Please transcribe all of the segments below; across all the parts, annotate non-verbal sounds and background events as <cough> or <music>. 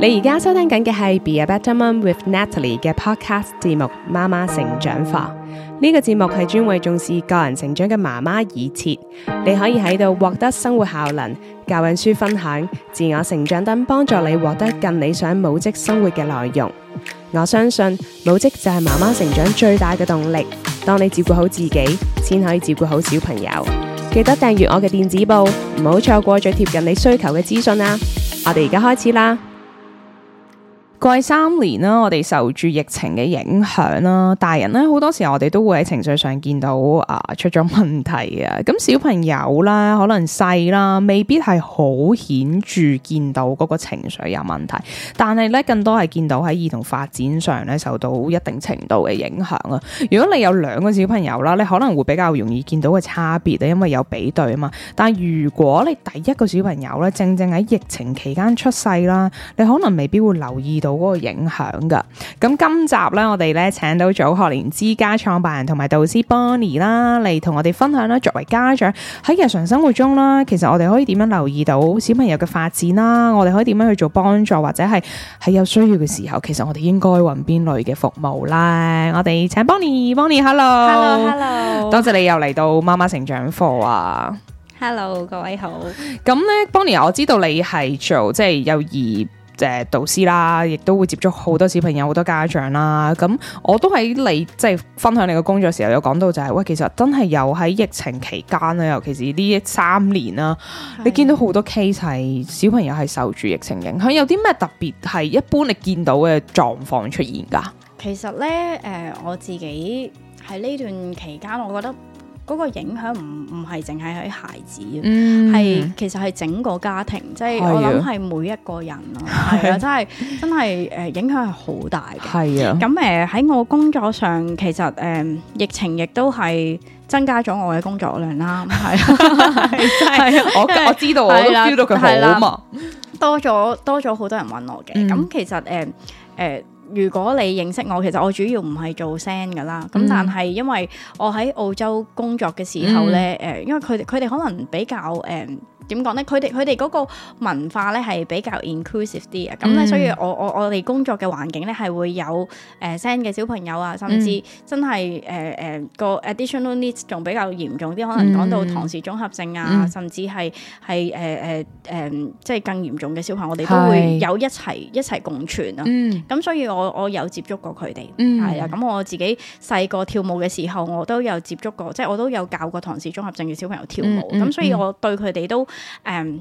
你而家收聽緊嘅係《Be a Better Mom with Natalie》嘅 Podcast 節目《媽媽成長課》，呢個節目係專為重視個人成長嘅媽媽而設，你可以喺度獲得生活效能、教養書分享、自我成長等，幫助你獲得更理想母職生活嘅內容。我相信母職就係媽媽成長最大嘅動力。當你照顧好自己，先可以照顧好小朋友。記得訂閱我嘅電子報，唔好錯過最貼近你需求嘅資訊啊！我哋而家開始啦～過三年啦，我哋受住疫情嘅影響啦，大人咧，好多時候我哋都會喺情緒上見到啊、呃、出咗問題啊。咁小朋友啦，可能細啦，未必係好顯著見到嗰個情緒有問題，但係咧，更多係見到喺兒童發展上咧，受到一定程度嘅影響啊。如果你有兩個小朋友啦，你可能會比較容易見到個差別啊，因為有比對啊嘛。但係如果你第一個小朋友咧，正正喺疫情期間出世啦，你可能未必會留意到。到嗰個影響噶，咁今集咧，我哋咧請到早學年之家創辦人同埋導師 Bonny 啦，嚟同我哋分享啦。作為家長喺日常生活中啦，其實我哋可以點樣留意到小朋友嘅發展啦？我哋可以點樣去做幫助，或者係喺有需要嘅時候，其實我哋應該揾邊類嘅服務啦？我哋請 Bonny。Bonny，Hello，Hello，Hello！多謝你又嚟到媽媽成長課啊！Hello，各位好。咁咧，Bonny，我知道你係做即係幼兒。誒導師啦，亦都會接觸好多小朋友、好多家長啦。咁我都喺你即係、就是、分享你嘅工作時候，有講到就係、是、喂，其實真係有喺疫情期間啦，尤其是呢三年啦、啊，的你見到好多 case 係小朋友係受住疫情影響，有啲咩特別係一般你見到嘅狀況出現㗎？其實呢，誒、呃、我自己喺呢段期間，我覺得。嗰個影響唔唔係淨係喺孩子，係、嗯、其實係整個家庭，即係、啊、我諗係每一個人咯、啊啊，真係真係誒影響係好大嘅。係啊，咁誒喺我工作上，其實誒、呃、疫情亦都係增加咗我嘅工作量啦。係 <laughs> 啊、係、就、啊、係， <laughs> 我我知道，啊、我都 feel 到佢好、啊、嘛、多咗多咗好多人揾我嘅。咁、嗯、其實誒誒。呃呃如果你認識我，其實我主要唔係做聲 s e 噶啦。咁但係因為我喺澳洲工作嘅時候咧，誒，嗯、因為佢哋佢哋可能比較誒。嗯點講呢？佢哋佢哋嗰個文化呢係比較 inclusive 啲啊，咁、嗯、呢，所以我我我哋工作嘅環境呢係會有誒 SEN 嘅小朋友啊，甚至、嗯、真係誒誒個 additional needs 仲比較嚴重啲，可能講到唐氏綜合症啊，嗯、甚至係係誒誒即係更嚴重嘅小朋友，我哋都會有一齊一齊共存啊。咁、嗯、所以我我有接觸過佢哋，係啊、嗯。咁我自己細個跳舞嘅時候，我都有接觸過，即、就、係、是、我都有教過唐氏綜合症嘅小朋友跳舞。咁、嗯、所以我對佢哋都。誒，um,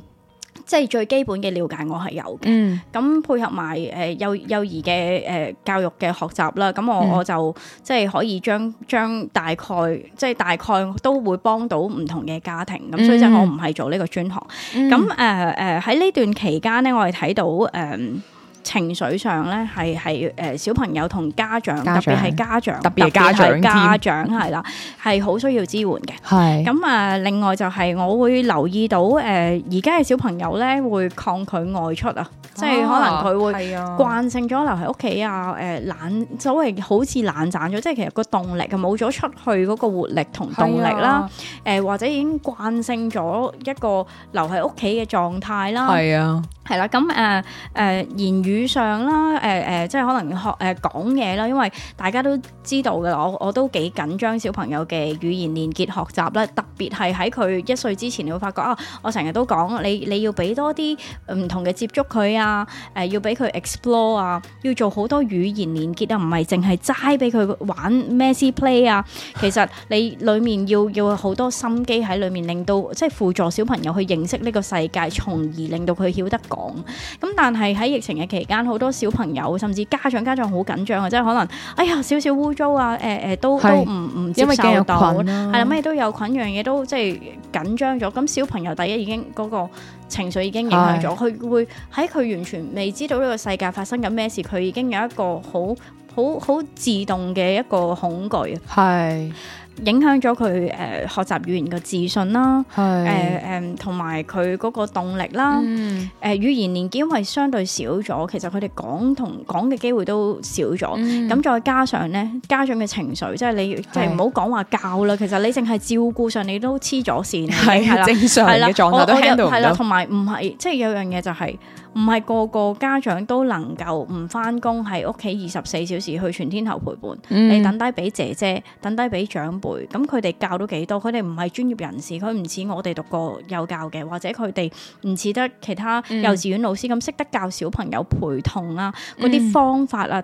即係最基本嘅了解我，我係有嘅。咁配合埋誒幼幼兒嘅誒、呃、教育嘅學習啦，咁我、嗯、我就即係可以將將大概，即係大概都會幫到唔同嘅家庭。咁所以就我唔係做呢個專行。咁誒誒喺呢段期間咧，我哋睇到誒。呃情緒上咧係係誒小朋友同家長，特別係家長，特別係家長，家長係啦，係好需要支援嘅。係咁啊，另外就係我會留意到誒，而家嘅小朋友咧會抗拒外出啊，即係可能佢會慣性咗留喺屋企啊，誒懶所謂好似懶散咗，即係其實個動力冇咗出去嗰個活力同動力啦，誒、啊呃、或者已經慣性咗一個留喺屋企嘅狀態啦。係啊。係啦，咁誒誒言語上啦，誒、呃、誒、呃、即係可能學誒講嘢啦，因為大家都知道嘅，我我都幾緊張小朋友嘅語言連結學習啦，特別係喺佢一歲之前，你會發覺、哦、啊，我成日都講，你你要俾多啲唔同嘅接觸佢啊，誒要俾佢 explore 啊，要做好多語言連結啊，唔係淨係齋俾佢玩 messy play 啊，其實你裏面要 <laughs> 要好多心機喺裏面，令到即係輔助小朋友去認識呢個世界，從而令到佢曉得講。咁，但係喺疫情嘅期間，好多小朋友甚至家長家長好緊張啊！即係可能，哎呀，少少污糟啊，誒、呃、誒，都是都唔唔接受到，係啦、啊，咩都有菌，樣嘢都即係緊張咗。咁小朋友第一已經嗰、那個情緒已經影響咗，佢是的 會喺佢完全未知道呢個世界發生緊咩事，佢已經有一個好好好自動嘅一個恐懼啊！係。影響咗佢誒學習語言嘅自信啦，係誒誒，同埋佢嗰個動力啦，誒、嗯呃、語言年紀，因為相對少咗，其實佢哋講同講嘅機會都少咗，咁、嗯、再加上咧家長嘅情緒，即係你是即係唔好講話教啦，其實你淨係照顧上你都黐咗線，係是吧正常嘅狀態都聽到，係啦，同埋唔係即係有一樣嘢就係、是。唔係個個家長都能夠唔翻工喺屋企二十四小時去全天候陪伴。嗯、你等低俾姐姐，等低俾長輩，咁佢哋教到幾多？佢哋唔係專業人士，佢唔似我哋讀過幼教嘅，或者佢哋唔似得其他幼稚園老師咁識、嗯、得教小朋友陪同啊，嗰啲方法啊，嗯、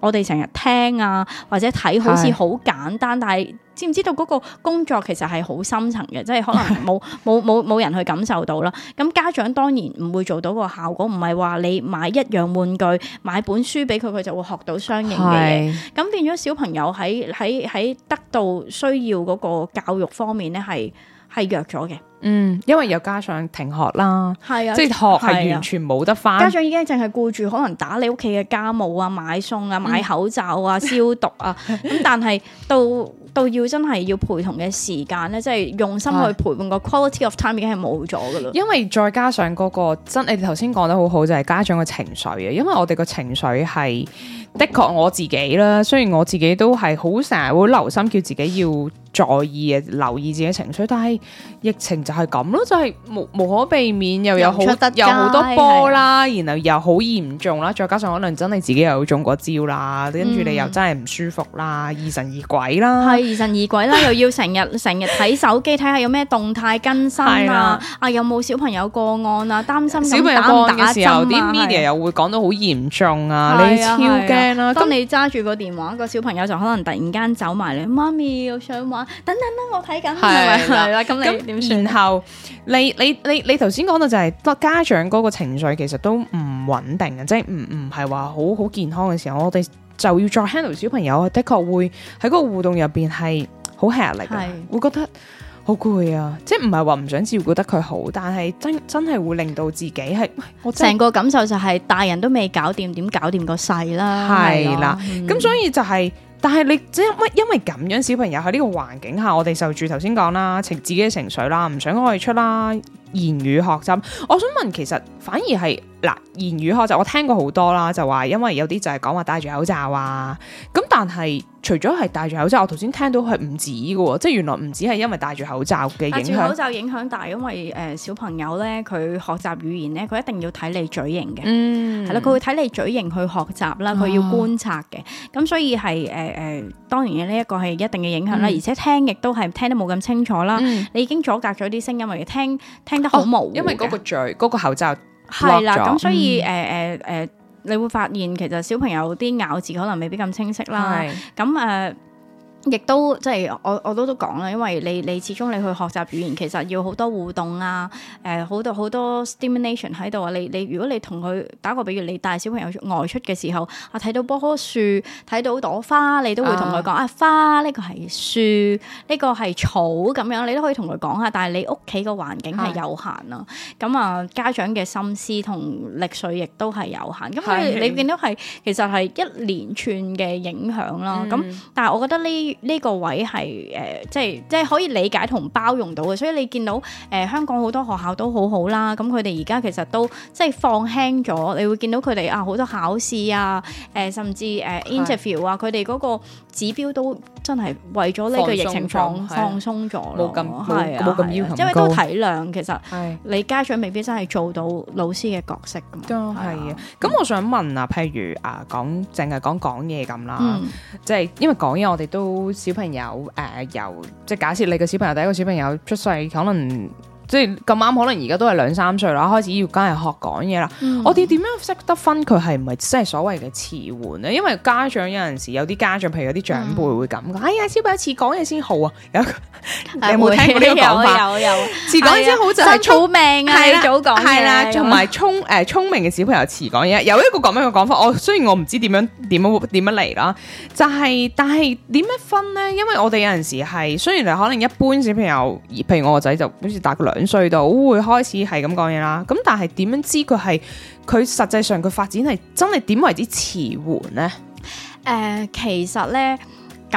我哋成日聽啊，或者睇好似好簡單，但係。知唔知道嗰個工作其實係好深層嘅，即係可能冇冇冇冇人去感受到啦。咁家長當然唔會做到個效果，唔係話你買一樣玩具、買本書俾佢，佢就會學到相應嘅嘢。咁是變咗小朋友喺喺喺得到需要嗰個教育方面咧，係係弱咗嘅。嗯，因為又加上停學啦，係啊，即係學係完全冇得翻、啊啊。家長已經淨係顧住可能打你屋企嘅家務啊、買餸啊、買口罩啊、消、嗯、 <laughs> 毒啊。咁但係到到要真係要陪同嘅時間咧，即係用心去陪伴個，啊，quality of time 已經係冇咗噶啦。因為再加上嗰個真，你哋頭先講得好好就係家長嘅情緒啊，因為我哋個情緒係。的確我自己啦，雖然我自己都係好成日會留心，叫自己要在意、留意自己情緒，但係疫情就係咁咯，就係、是、無無可避免，又有好又有好多波啦，的然後又好嚴重啦，再加上可能真係自己又中過招啦，跟住你又真係唔舒服啦，疑、嗯、神疑鬼啦，係疑神疑鬼啦，又要成日成日睇手機睇下 <laughs> 有咩動態更新啊，的啊有冇小朋友個案啊，擔心小朋友個案嘅時候，啲 media 又會講到好嚴重啊，你超驚。當你揸住個電話，那個小朋友就可能突然間走埋嚟，媽咪我想玩，等等等，我睇緊係咪？係啦，咁你點算後？你你你你頭先講到就係、是，家長嗰個情緒其實都唔穩定啊，即係唔唔係話好好健康嘅時候，我哋就要再 handle 小朋友，的確會喺嗰個互動入邊係好吃力，係是會覺得。好攰啊！即係唔係話唔想照顧得佢好，但係真真係會令到自己係，我成個感受就係大人都未搞掂，點搞掂個細啦？係啦，咁、嗯、所以就係、是，但係你即因為咁樣，小朋友喺呢個環境下，我哋受住頭先講啦，情自己嘅情緒啦，唔想外出啦，言語學習。我想問，其實反而係。嗱，言語學習我聽過好多啦，就話因為有啲就係講話戴住口罩啊，咁但係除咗係戴住口罩，我頭先聽到係唔止噶，即係原來唔止係因為戴住口罩嘅影響。戴住口罩影響大，因為誒、呃、小朋友咧，佢學習語言咧，佢一定要睇你嘴型嘅，嗯，係啦，佢會睇你嘴型去學習啦，佢要觀察嘅，咁、哦、所以係誒誒，當然呢一個係一定嘅影響啦，嗯、而且聽亦都係聽得冇咁清楚啦，嗯、你已經阻隔咗啲聲音，咪聽聽得好模糊，因為、哦、因為個嘴、嗰個口罩。係啦，咁所以誒誒誒，你會發現其實小朋友啲咬字可能未必咁清晰啦，咁誒係。呃亦都即係我我都都講啦，因為你你始終你去學習語言，其實要好多互動啊，誒、呃、好多好多 stimulation 喺度啊。你你如果你同佢打個比喻，你帶小朋友外出嘅時候啊，睇到棵樹睇到朵花，你都會同佢講啊，花呢、呢個係樹呢、呢個係草咁樣你都可以同佢講下。但係你屋企個環境係有限是啊，咁啊家長嘅心思同力水亦都係有限，咁你是你見到係其實係一連串嘅影響啦。咁、嗯、但係我覺得呢？呢個位係誒，即係即係可以理解同包容到嘅，所以你見到誒香港好多學校都好好啦，咁佢哋而家其實都即係放輕咗，你會見到佢哋啊好多考試啊，誒甚至誒 interview 啊，佢哋嗰個指標都真係為咗呢個疫情放放鬆咗啦，冇咁冇冇咁要求高，因為都體諒其實你家長未必真係做到老師嘅角色噶嘛，係啊，咁我想問啊，譬如啊講淨係講講嘢咁啦，即係因為講嘢我哋都。小朋友誒、呃，由即係假設你嘅小朋友第一個小朋友出世，可能。即係咁啱，可能而家都係兩三歲啦，開始要梗係學講嘢啦。嗯、我哋點樣識得分佢係唔係即係所謂嘅遲緩咧？因為家長有陣時有啲家長，譬如有啲長輩會咁講，嗯、哎呀，小朋友遲講嘢先好啊！有冇是 <laughs> 聽過呢個講法？有有有。遲講先好就係聰明啊，早講係啦。同埋聰誒聰明嘅小朋友遲講嘢，有一個咁樣嘅講法。我雖然我唔知點樣點樣點樣嚟啦，就係、是、但係點樣分咧？因為我哋有陣時係雖然可能一般小朋友，譬如我個仔就好似打個例。兩歲到會開始係咁講嘢啦，咁但係點樣知佢係佢實際上佢發展係真係點為之遲緩呢？誒，其實咧。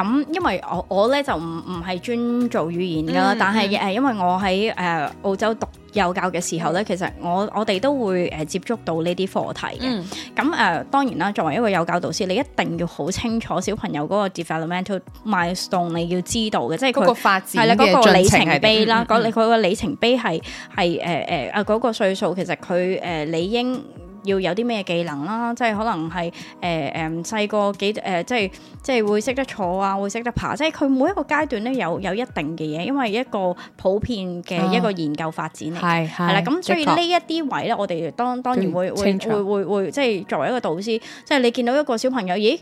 咁、嗯呃，因為我我咧就唔唔係專做語言噶啦，但係誒，因為我喺誒澳洲讀幼教嘅時候咧，其實我我哋都會誒接觸到呢啲課題嘅。咁誒、嗯呃，當然啦，作為一個幼教導師，你一定要好清楚小朋友嗰個 developmental milestone，你要知道嘅，即係嗰個發展係咧嗰個里程碑啦。嗰你嗰個里程碑係係誒誒啊嗰個歲數，其實佢誒理應。要有啲咩技能啦，即係可能係誒誒，細個幾誒，即係即係會識得坐啊，會識得爬，即係佢每一個階段咧，有有一定嘅嘢，因為一個普遍嘅一個研究發展嚟嘅，係啦。咁所以呢一啲位咧，我哋當當然會會會會即係作為一個導師，即係你見到一個小朋友，咦，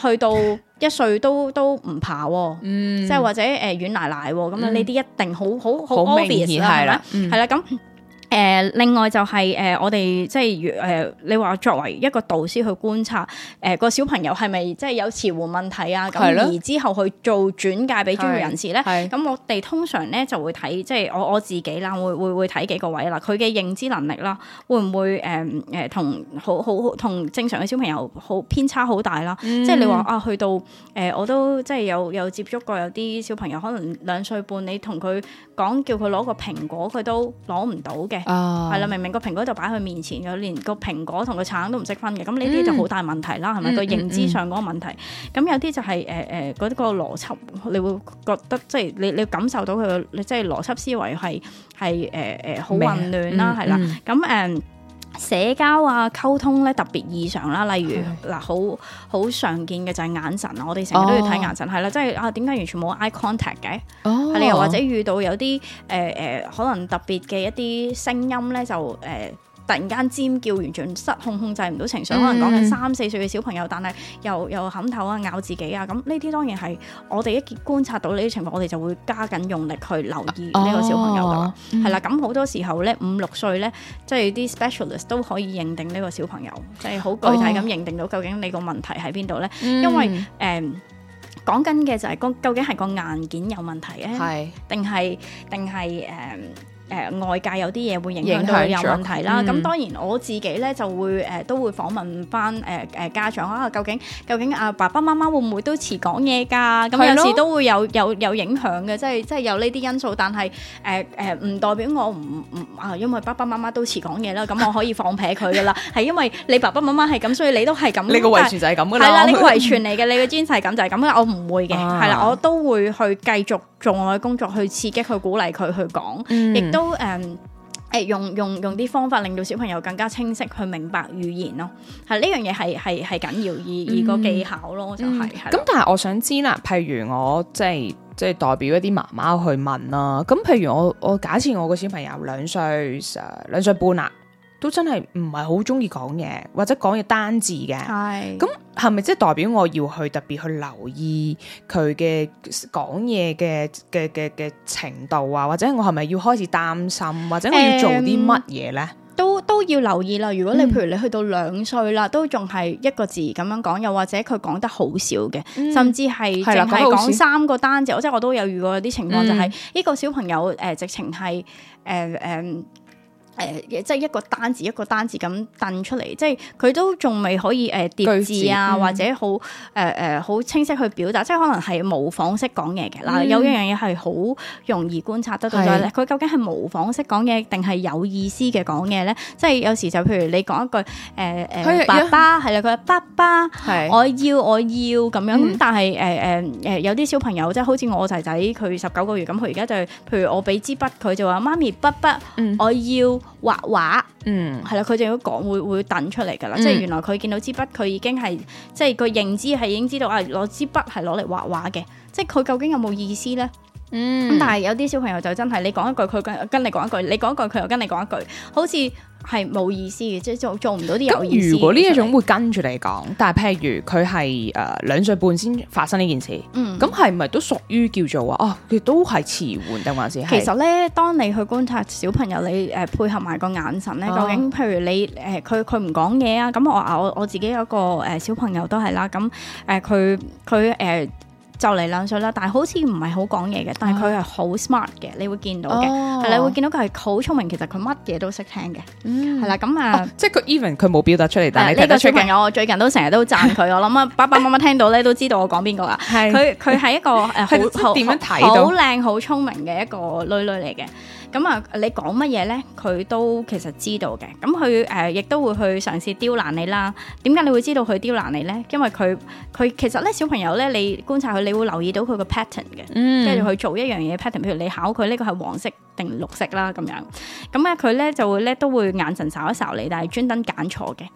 去到一歲都都唔爬喎，嗯，即係或者誒軟奶奶咁樣，呢啲一定好好好明顯，係啦，係啦咁。誒、呃、另外就係、是、誒、呃、我哋即係誒、呃、你話作為一個導師去觀察誒、呃個小朋友係咪即係有遲緩問題啊？咁的而之後去做轉介俾專業人士咧，咁我哋通常咧就會睇即係我我自己啦，會會會睇幾個位啦，佢嘅認知能力啦，會唔會誒誒同好好同正常嘅小朋友好偏差好大啦？嗯、即係你話啊，去到誒、呃、我都即係有有，有接觸過有啲小朋友，可能兩歲半你，你同佢講叫佢攞個蘋果，佢都攞唔到嘅係啦、哦，明明個蘋果就擺喺佢面前嘅，連個蘋果同個橙都唔識分嘅，咁呢啲就好大問題啦，係咪？就是呃呃那個認知上嗰個問題，咁有啲就係誒誒，嗰啲個邏輯，你會覺得即係、就是、你你感受到佢嘅，即係邏輯思維係係誒誒好混亂啦，係啦，咁、嗯、誒。的社交啊，溝通咧特別異常啦，例如嗱，好好常見嘅就係眼神，我哋成日都要睇眼神，係啦、哦，即係啊點解完全冇 eye contact 嘅？哦，你又或者遇到有啲誒誒可能特別嘅一啲聲音咧，就誒。呃突然間尖叫，完全失控，控制唔到情緒，可能講緊三四歲嘅小朋友，但係又又撼頭啊、咬自己啊，咁呢啲當然係我哋一見觀察到呢啲情況，我哋就會加緊用力去留意呢個小朋友噶啦。係啦、哦，咁、嗯、好多時候咧，五六歲咧，即係啲 specialist 都可以認定呢個小朋友，哦、即係好具體咁認定到、嗯嗯就是、究竟你個問題喺邊度咧？因為誒講緊嘅就係個究竟係個硬件有問題咧，定係定係誒？誒、呃、外界有啲嘢會影響到佢有問題啦，咁、嗯、當然我自己咧就會誒、呃、都會訪問翻誒誒家長啊，究竟究竟阿、啊、爸爸媽媽會唔會都遲講嘢噶？咁有時都會有有有影響嘅，即係即係有呢啲因素。但係誒誒唔代表我唔唔啊，因為爸爸媽媽都遲講嘢啦，咁我可以放撇佢噶啦。係 <laughs> 因為你爸爸媽媽係咁，所以你都係咁。你個遺傳就係咁噶啦，係但 <laughs> 啦，你遺傳嚟嘅，你嘅基因係咁就係咁噶，我唔會嘅，係、嗯、啦，我都會去繼續。做我嘅工作去刺激佢鼓勵佢去講，嗯、亦都誒誒、呃、用用用啲方法令到小朋友更加清晰去明白語言咯。係呢樣嘢係係係緊要，而而、嗯、個技巧咯就係、係。咁、嗯、的但係我想知啦，譬如我即係即係代表一啲媽媽去問啦。咁譬如我我假設我個小朋友兩歲兩歲半啦。都真係唔係好中意講嘢，或者講嘢單字嘅。係咁係咪即係代表我要去特別去留意佢嘅講嘢嘅嘅嘅嘅程度啊？或者我係咪要開始擔心，或者我要做啲乜嘢咧？都都要留意啦。如果你譬如你去到兩歲啦，嗯、都仲係一個字咁樣講，又或者佢講得好少嘅，嗯、甚至係淨係講三個單字。嗯、我即係我都有遇過啲情況，嗯、就係呢個小朋友誒，直情係誒誒。呃呃呃呃呃呃呃誒、呃，即係一個單字一個單字咁掟出嚟，即係佢都仲未可以誒疊、呃、字啊，嗯、或者好誒誒好清晰去表達，即係可能係模仿式講嘢嘅。嗱，嗯、有一樣嘢係好容易觀察得到嘅，佢是的 究竟係模仿式講嘢定係有意思嘅講嘢咧？即係有時就譬如你講一句誒誒、呃、的爸爸，係啦，佢話、嗯呃呃、爸爸，我要我要咁樣。咁但係誒誒誒有啲小朋友即係好似我仔仔，佢十九個月咁，佢而家就係譬如我俾支筆，佢就話媽咪筆筆，我要。.畫畫，畫畫，嗯，係啦，佢就要講會會掟出嚟噶啦，即係原來佢見到支筆，佢已經係即係佢認知係已經知道啊，攞支筆係攞嚟畫畫嘅，即係佢究竟有冇意思呢？嗯，咁但係有啲小朋友就真係你講一句佢跟跟你講一句，你講一句佢又跟你講一句，好似係冇意思嘅，即係做做唔到啲有意思。如果呢一種會跟住你講，吧但係譬如佢係誒兩歲半先發生呢件事，咁係咪都屬於叫做啊？佢、哦、都係遲緩定還是係？其實咧，當你去觀察小朋友，你誒配合埋個眼神咧，究竟譬如你誒佢佢唔講嘢啊？咁、呃、我我我自己有一個誒小朋友都係啦，咁誒佢佢誒。呃就嚟兩歲啦，但係好似唔係好講嘢嘅，但係佢係好 smart 嘅，你會見到嘅，係、哦、你會見到佢係好聰明，其實佢乜嘢都識聽嘅，係啦、嗯，咁啊，哦、即係佢 even 佢冇表達出嚟，但係呢、呢個小朋友我最近都成日都讚佢， <laughs> 我諗啊爸爸媽媽聽到咧 <laughs> 都知道我講邊個啦，佢佢係一個誒、 <laughs> 啊、好 <laughs> 點樣睇到好靚好，好聰明嘅一個女女嚟嘅。咁啊，你講乜嘢咧？佢都其實知道嘅。咁佢誒，亦、呃、都會去嘗試刁難你啦。點解你會知道佢刁難你咧？因為佢佢其實咧，小朋友咧，你觀察佢，你會留意到佢個 pattern 嘅。嗯。跟住去做一樣嘢 pattern，譬如你考佢呢個係黃色定綠色啦，咁樣。咁、嗯、啊，佢咧就會咧都會眼神睄一睄你，但係專登揀錯嘅。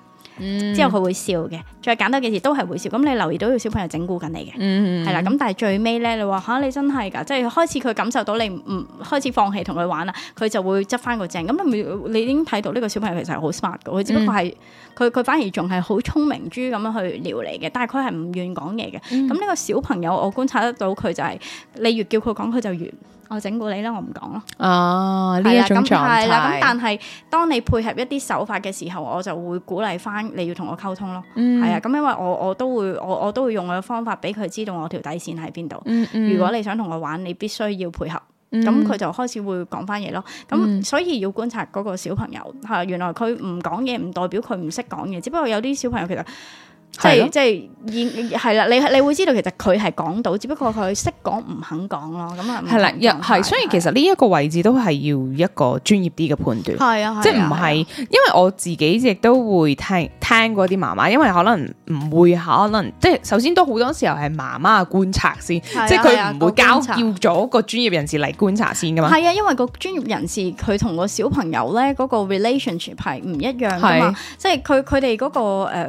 之後佢會笑嘅，再簡單嘅事都係會笑。咁你留意到個小朋友整蠱緊你嘅，係啦、嗯。咁、嗯、但係最尾咧，你話吓、啊、你真係噶，即係開始佢感受到你唔開始放棄同佢玩啦，佢就會執翻個正。咁你已經睇到呢個小朋友其實係好 smart 嘅，佢只不過係佢佢反而仲係好聰明豬咁樣去撩你嘅，但係佢係唔願意講嘢嘅。咁呢、嗯、個小朋友我觀察得到佢就係、是，你越叫佢講，佢就越。我整蠱你啦，我唔講咯。哦，呢一、啊、種狀態。咁係啦，咁、啊、但係當你配合一啲手法嘅時候，我就會鼓勵翻你要同我溝通咯。嗯，係啊，咁因為我我都會我我都會用我嘅方法俾佢知道我條底線喺邊度。嗯嗯、如果你想同我玩，你必須要配合。咁佢、嗯、就開始會講翻嘢咯。咁、嗯、所以要觀察嗰個小朋友嚇、嗯啊，原來佢唔講嘢唔代表佢唔識講嘢，只不過有啲小朋友其實。即係即係，係啦，你你會知道其實佢係講到，只不過佢識講唔肯講咯。咁啊，係啦，係，所以其實呢一個位置都係要一個專業啲嘅判斷。係啊，即係唔係？因為我自己亦都會聽聽過啲媽媽，因為可能唔會，可能即係首先都好多時候係媽媽嘅觀察先，即係佢唔會交叫咗個專業人士嚟觀察先噶嘛。係啊，因為個專業人士佢同個小朋友咧個 relationship 係唔一樣噶嘛，即係佢佢哋個誒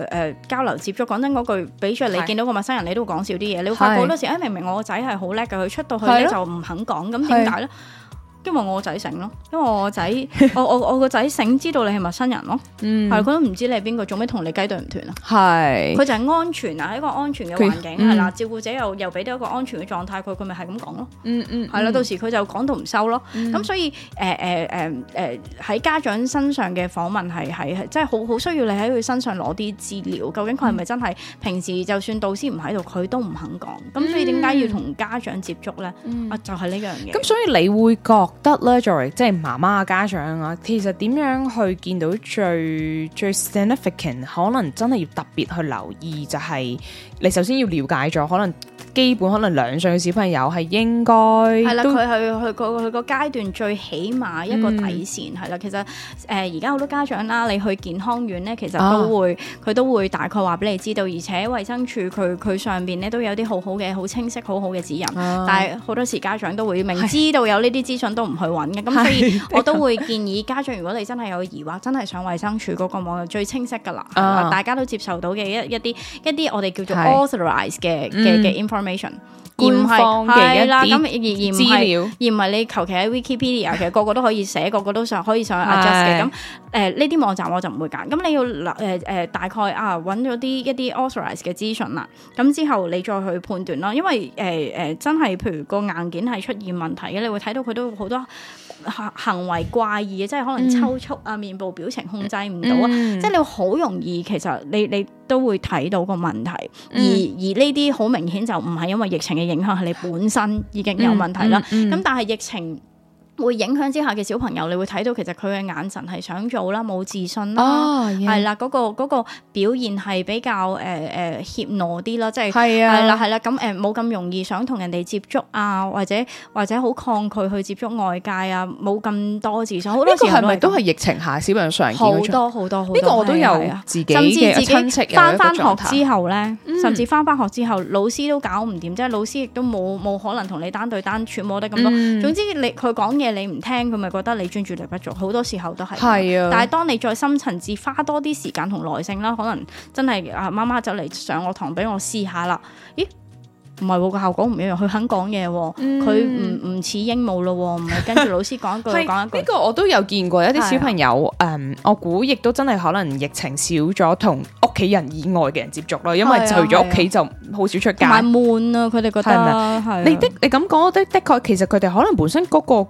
誒交流再講真嗰句，比著你見到個陌生人，你都會講少啲嘢，你會發覺好多時，哎，是的 明明我個仔係好叻㗎，佢出到去咧就唔肯講，咁點解咧？因為我仔醒咯，因為我仔，我我我個仔醒，知道你係陌生人咯，係佢 <laughs> 都唔知你係邊個，做咩同你雞對唔斷啊？係是，佢就係安全啊，喺一個安全嘅環境係啦，嗯，照顧者又又俾到一個安全嘅狀態，佢佢咪係咁講咯，嗯嗯，係啦，到時佢就講到唔收咯，咁，嗯，所以誒誒誒誒喺家長身上嘅訪問係係係，即係好好需要你喺佢身上攞啲資料，究竟佢係咪真係平時就算導師唔喺度，佢都唔肯講，咁所以點解要同家長接觸咧？啊，就係，是，呢樣嘢，咁，嗯，所以你會覺。得啦 Joy 即係媽媽啊，家長啊，其實點樣去見到最最 significant，可能真係要特別去留意，就係、是、你首先要了解咗，可能基本可能兩歲嘅小朋友係應該係啦，佢佢佢個佢個階段最起碼一個底線係啦、嗯。其實誒而家好多家長啦，你去健康院咧，其實都會佢、啊、都會大概話俾你知道，而且衛生署佢佢上邊咧都有啲好好嘅好清晰好好嘅指引，啊、但係好多時家長都會明知道有呢啲資訊。都唔去揾嘅，咁所以我都會建議家長，如果你真係有疑惑，真係上衛生署嗰個網就最清晰噶啦、哦，大家都接受到嘅一一啲一啲我哋叫做 authorized 嘅嘅 information。唔係係啦，咁而資料而唔係而唔係你求其喺 Wikipedia 嘅， <laughs> 個個都可以寫，個個都想可以上去 adjust 嘅。咁誒呢啲網站我就唔會揀。咁你要誒誒、呃呃、大概啊揾咗啲一啲 authorised 嘅資訊啦。咁之後你再去判斷啦，因為誒誒、呃呃、真係譬如個硬件係出現問題嘅，你會睇到佢都好多行行為怪異嘅，即係可能抽搐啊、嗯、面部表情控制唔到啊，嗯、即係你好容易其實你你。你你都會睇到個問題，而而呢啲好明顯就唔係因為疫情嘅影響，係你本身已經有問題啦。咁、嗯嗯嗯、但係疫情會影響之下嘅小朋友，你會睇到其實佢嘅眼神係想做啦，冇自信啦，係啦、oh, yeah.，嗰、嗰個嗰個表現係比較誒誒怯懦啲啦，即係係啦係啦咁誒冇咁容易想同人哋接觸啊，或者或者好抗拒去接觸外界啊，冇咁多自信。好多時個係咪都係疫情下小朋友上好多好多好呢個我都有自己嘅親戚翻返學之後咧，嗯、甚至翻返學之後老師都搞唔掂，即係老師亦都冇冇可能同你單對單揣摩得咁多。嗯、總之你佢講嘢。你唔聽佢咪覺得你專注力不足，好多時候都係。係是啊。但係當你再深層次，花多啲時間同耐性啦，可能真係啊媽媽就嚟上堂我堂俾我試下啦。咦？唔係喎，個效果唔一樣。佢肯講嘢，佢唔唔似鸚鵡咯，唔係跟住老師講一句講一句。呢、 <laughs> 這個我都有見過，一啲小朋友，誒是、啊嗯，我估亦都真係可能疫情少咗，同屋企人以外嘅人接觸咯，因為除咗屋企就好少出街，唔係悶啊，佢哋覺得你的你咁講的的確，其實佢哋可能本身嗰、那個。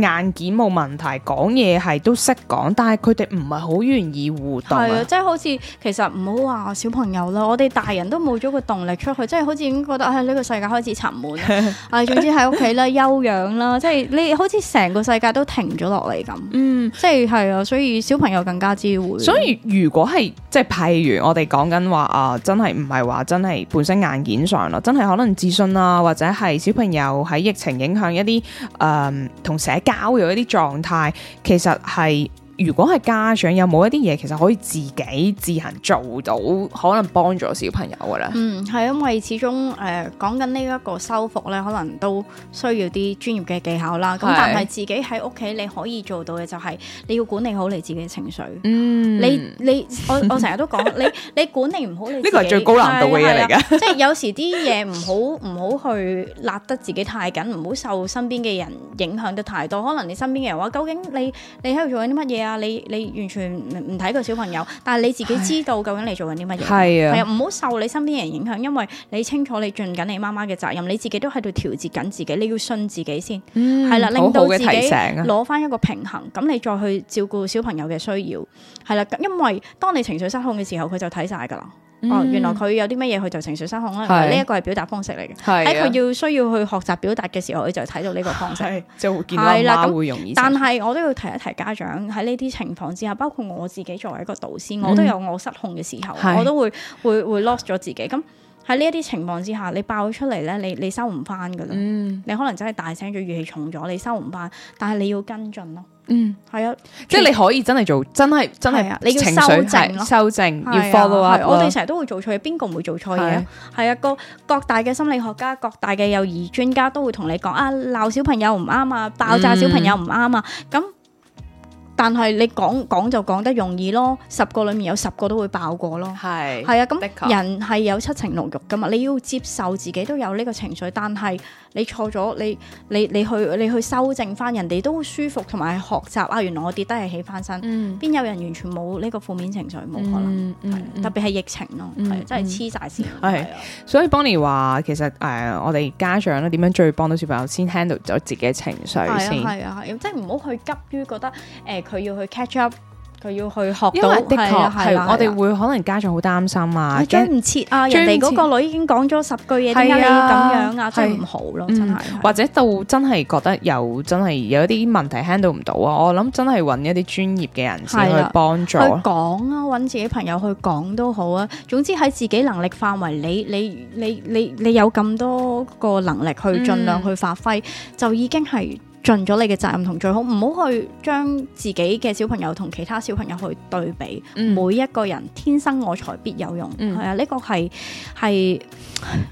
硬件冇問題，講嘢係都識講，但係佢哋唔係好願意互動。係啊，即係好似其實唔好話小朋友啦，我哋大人都冇咗個動力出去，即係好似已經覺得啊呢、哎呢個世界開始沉悶，啊 <laughs> 總之喺屋企啦休養啦，即係你好似成個世界都停咗落嚟咁。嗯， <laughs> 即係係啊，所以小朋友更加之會。所以如果係即係譬如我哋講緊話啊、呃，真係唔係話真係本身硬件上咯，真係可能自信啊，或者係小朋友喺疫情影響一啲誒同社交流一啲狀態，其實係。如果係家長，有冇一啲嘢其實可以自己自行做到，可能幫助小朋友嘅啦？嗯，係，因為始終誒、呃、講緊呢一個修復咧，可能都需要啲專業嘅技巧啦。咁的但係自己喺屋企你可以做到嘅就係、是、你要管理好你自己嘅情緒。嗯，你你我我成日都講 <laughs> 你你管理唔好，呢個係最高難度嘅嘢嚟噶。即係有時啲嘢唔好唔好去立得自己太緊，唔好受身邊嘅人影響得太多。可能你身邊嘅人話：究竟你你喺度做緊啲乜嘢？啊！你你完全唔睇個小朋友，但係你自己知道究竟你做緊啲乜嘢，係啊，唔好受你身邊人影響，因為你清楚你盡緊你媽媽嘅責任，你自己都喺度調節緊自己，你要信自己先，係啦、嗯，令到自己攞翻一個平衡，咁、啊、你再去照顧小朋友嘅需要，係啦，因為當你情緒失控嘅時候，佢就睇晒噶啦。哦，嗯、原來佢有啲乜嘢，佢就情緒失控啦。呢一個係表達方式嚟嘅，喺佢要需要去學習表達嘅時候，佢就睇到呢個方式。係啦，會容易但。但係我都要提一提家長喺呢啲情況之下，包括我自己作為一個導師，我都有我失控嘅時候，嗯、我都會會會 lost 咗自己。咁喺呢一啲情況之下，你爆出嚟呢，你你收唔翻噶啦。嗯、你可能真係大聲咗，語氣重咗，你收唔翻。但係你要跟進咯。嗯，係啊，即係你可以真係做，真係真係，你要修正，要修正，要 follow 我哋成日都會做錯嘢，邊個唔會做錯嘢？係啊，個各大嘅心理學家、各大嘅幼兒專家都會同你講啊，鬧小朋友唔啱啊，爆炸小朋友唔啱啊。咁但係你講講就講得容易咯，十個裏面有十個都會爆過咯。係係啊，咁人係有七情六欲噶嘛，你要接受自己都有呢個情緒，但係。你錯咗，你你你去你去修正翻，人哋都舒服同埋學習啊！原來我跌低係起翻身，邊、嗯、有人完全冇呢個負面情緒，冇可能，特別係疫情咯，係真係黐晒線。係、嗯，對所以 Bonny 話其實誒、呃，我哋家長咧點樣最幫到小朋友，先 handle 咗自己嘅情緒先，係啊係，即係唔好去急於覺得誒佢、呃、要去 catch up。佢要去學到，因為的確係我哋會可能家長好擔心啊，跟唔切啊，人哋嗰個女已經講咗十句嘢，點解要咁樣啊？真唔好咯，真係。或者到真係覺得又真係有一啲問題 handle 唔到啊，我諗真係揾一啲專業嘅人先去幫助。去講啊，揾自己朋友去講都好啊。總之喺自己能力範圍，你你你你你有咁多個能力去盡量去發揮，就已經係。盡咗你嘅責任同最好，唔好去將自己嘅小朋友同其他小朋友去對比。嗯、每一個人天生我才必有用，係、嗯、啊，呢、這個係係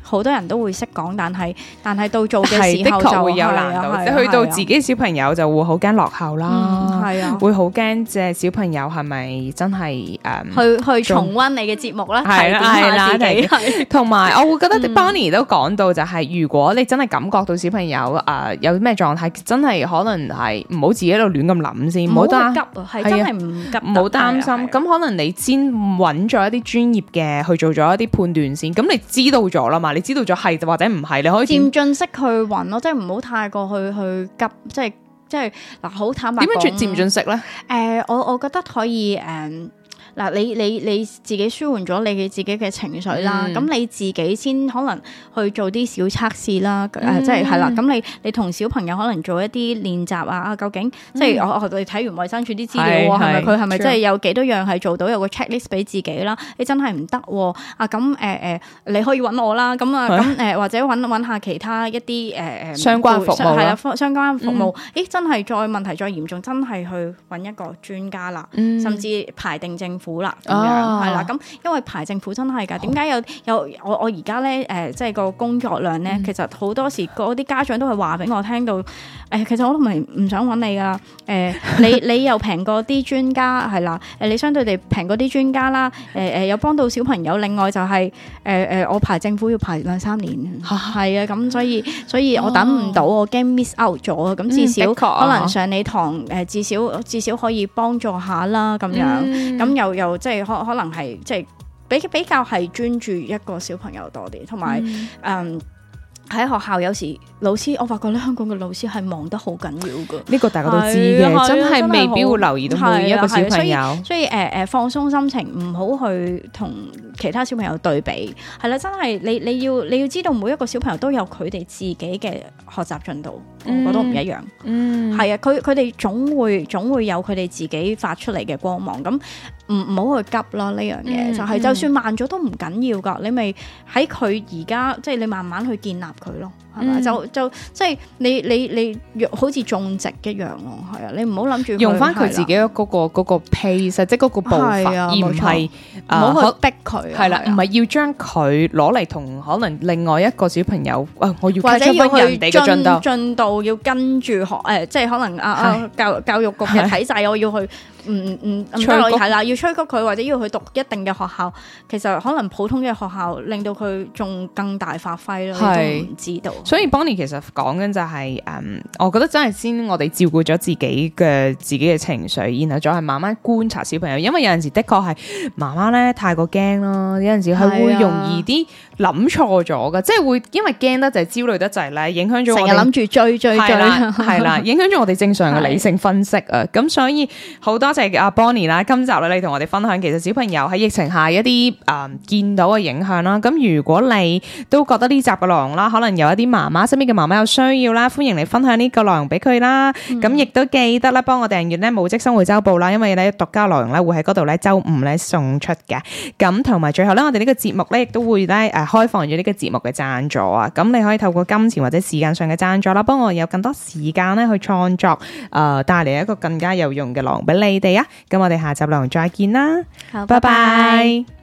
好多人都會識講，但係但係到做嘅時候就會有難度，即係、啊啊啊啊、去到自己小朋友就會好驚落後啦，係、嗯、啊，會好驚，即係小朋友係咪真係誒、嗯、去去重溫你嘅節目啦，睇、嗯、下自己。同埋 <laughs> <laughs> 我會覺得 Bonny 都講到就係、是、如果你真係感覺到小朋友誒、呃、有啲咩狀態真。真係可能係唔好自己喺度亂咁諗先，唔好急啊！係真係唔急、啊，唔好擔心。咁、啊、可能你先揾咗一啲專業嘅去做咗一啲判斷先。咁你知道咗啦嘛？你知道咗係或者唔係？你可以漸進式去揾咯，即係唔好太過去去急，即係即係嗱、啊，好坦白。點樣斷漸進式咧？誒、呃，我我覺得可以誒。Uh, 嗱，你你你自己舒緩咗你自己嘅情緒啦，咁你自己先可能去做啲小測試啦，即係係啦，咁你你同小朋友可能做一啲練習啊，究竟即係我哋睇完衞生署啲資料，係咪佢係咪真係有幾多樣係做到有個 checklist 俾自己啦？你真係唔得啊！咁誒誒，你可以揾我啦，咁啊咁誒，或者揾下其他一啲誒相關服務啦，相關服務，誒真係再問題再嚴重，真係去揾一個專家啦，甚至排定症。苦啦，咁樣係啦，咁因為排政府真係噶點解好有有我我而家咧，誒，即係個工作量咧，嗯、其實好多時嗰啲家長都係話俾我聽到，誒、欸，其實我都唔係唔想揾你噶，誒、呃， <laughs> 你你又平過啲專家係啦，誒，你相對地平過啲專家啦，誒、呃、誒，有、呃、幫到小朋友，另外就係誒誒，我排政府要排兩三年，係啊哈，咁、嗯、所以所以，所以我等唔到，哦、我驚 miss out 咗，咁至少、嗯嗯、可能上你堂誒，至少至少可以幫助下啦咁樣，咁又、嗯。嗯又即係可可能係即係比比較係專注一個小朋友多啲，同埋嗯喺、嗯、學校有時老師，我發覺咧香港嘅老師係忙得好緊要噶。呢個大家都知嘅，啊啊、真係未必會留意到每一個小朋友，啊啊啊。所以誒誒、呃、放鬆心情，唔好去同其他小朋友對比，係啦、啊，真係你你要你要知道每一個小朋友都有佢哋自己嘅學習進度，嗯、我覺得唔一樣。嗯，係、嗯、啊，佢佢哋總會總會有佢哋自己發出嚟嘅光芒咁。唔唔好去急咯，呢樣嘢就係就算慢咗都唔緊要㗎，你咪喺佢而家，即係你慢慢去建立佢咯。係嘛？就就即係你你你若好似種植一樣咯。係啊！你唔好諗住用翻佢自己嗰個嗰個 pace，即係嗰個步伐，而唔係唔好去逼佢。係啦，唔係要將佢攞嚟同可能另外一個小朋友，誒，我要或者要進進度，要跟住學，誒，即係可能啊啊教教育局嘅體制，我要去唔唔唔，係啦，要催促佢，或者要去讀一定嘅學校。其實可能普通嘅學校令到佢仲更大發揮咯，都唔知道。所以 Bonny 其實講緊就係、是、誒、嗯、我覺得真係先我哋照顧咗自己嘅自己嘅情緒，然後再係慢慢觀察小朋友。因為有陣時的確係媽媽咧，太過驚咯，有陣時係會容易啲諗錯咗嘅，即係會因為驚得就焦慮得滯咧，影響咗我諗住追追追，係啦，啦 <laughs> 影響咗我哋正常嘅理性分析啊。咁是所以好多謝阿、啊、Bonny 啦，今集咧你同我哋分享，其實小朋友喺疫情下一啲誒、呃、見到嘅影響啦。咁如果你都覺得呢集嘅內容啦，可能有一啲。媽媽身邊嘅媽媽有需要啦，歡迎你分享呢個內容俾佢啦。咁亦都記得咧，幫我訂閱咧《母職生活周報》啦，因為咧獨家內容咧會喺嗰度咧周五咧送出嘅。咁同埋最後咧，我哋呢個節目咧亦都會咧誒開放咗呢個節目嘅贊助啊。咁你可以透過金錢或者時間上嘅贊助啦，幫我有更多時間咧去創作誒、呃，帶嚟一個更加有用嘅內容俾你哋啊。咁我哋下集內容再見啦，好，拜拜 bye。Bye bye